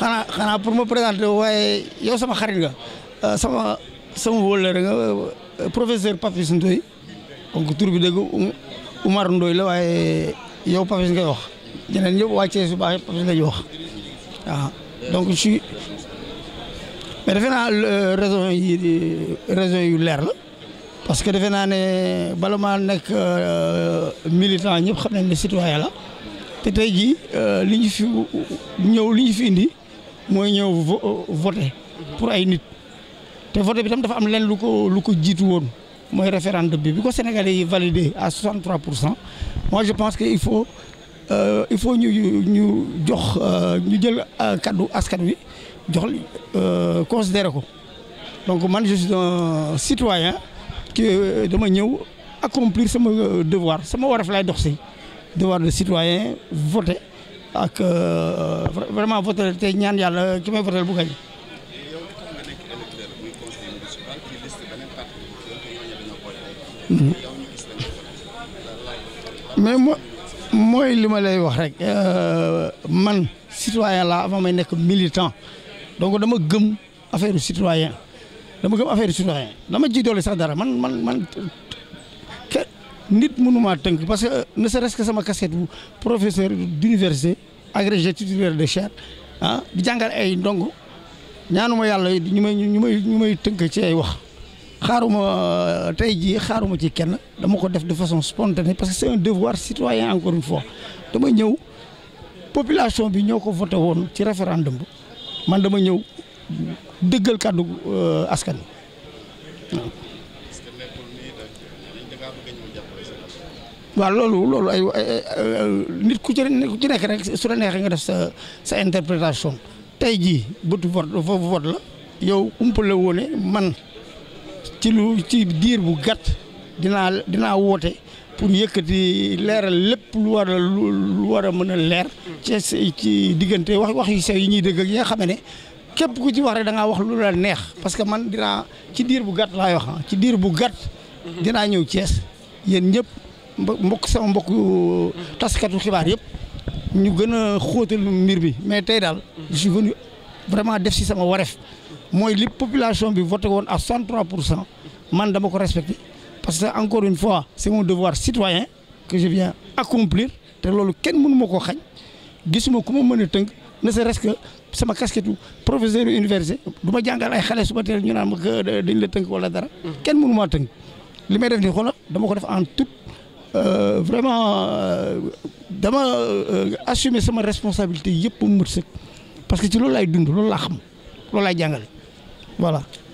xanaa xanaa pour ma présenter waaye yow sama xarit ga euh, sama sama wóllare nga euh, professeur Papis Ndoye donc tur bi dëgg um, Umar Ndoye la waaye yow Papis ngay wax ñeneen ñëpp wàccee su baax Papis la ñu wax waaw ah, donc si mais defe naa euh, raison yi raison yu leer la parce que defe naa ne bala maa nekk militant ñëpp xam nañ ne citoyen la te tey jii li ñu fi ñëw li ñu indi mooy ñëw voté pour ay nit te voté bi tam dafa am leen lu ko lu ko jiitu woon mooy référendum bi bi ko Sénégalais yi validé à 63 pour cent moi je pense que il faut euh, il faut ñu ñu jox euh, ñu jël euh, kaddu askan wi jox considéré ko donc man je suis un citoyen qui dama ñëw accomplir sama devoir sama wareef laay dox si devoir de citoyen voté ak euh, vraiment voté te ñaan yàlla ki may voté bu gañ mm-hmm. mais mooy li ma lay wax rek euh, man citoyen la avant may nekk militant donc dama gëm affaire citoyen dama gëm affaire citoyen dama ji doole sax dara man man man nit mënumaa tënk parce que ne serait-ce que sama cassette bu professeur d'université agrégé titulaire de chaire ah di jàngal ay ndongo ñaanuma yàlla ñu may ñu may ñu may tënk ci ay wax xaaruma euh, tey jii xaaruma ci kenn dama ko def de façon spontanée parce que c'est un devoir citoyen encore une fois dama ñëw population bi ñëw ko voté woon ci référendum bi man dama ñëw dëggal kàddu euh, askan wi waaw loolu loolu ay nit ku ci nekk rek su la neexee nga def sa sa interprétation tey jii bëtu vote foofu vote la yow la woone man ci lu ci diir bu gàtt dinaa dinaa woote pour yëkkati leeral lépp lu war a lu war a mën a leer ci ci diggante wax wax yu sew yi ñuy dëgg ak yi nga xam ne képp ku ci wax rek da ngaa wax lu la neex parce que man dinaa ci diir bu gàtt laay wax ah, ci diir bu gàtt dinaa ñëw cees yéen ñëpp mbokk sama mbokk taskatu xibaar yëpp ñu gën a xóotal mbir bi mais tey daal je suis venu vraiment def si sama wareef mooy li population bi voté woon à 63 pour cent man dama ko respecté parce que encore fois c'est mon devoir citoyen que je viens accomplir te loolu kenn mënu ma koo xañ gisuma ku ma mën a tënk ne serait-ce que sama casquette professeur université du ma jàngal ay xale suba teel ñu naan ma dañ la tënk wala dara kenn mënu maa tënk li may def nii xoolal dama ko def en tout euh, vraiment euh, dama euh, assumer sama responsabilité yëpp mu mët sëkk parce que ci loolu laay dund loolu laa xam loolu laay jàngale voilà.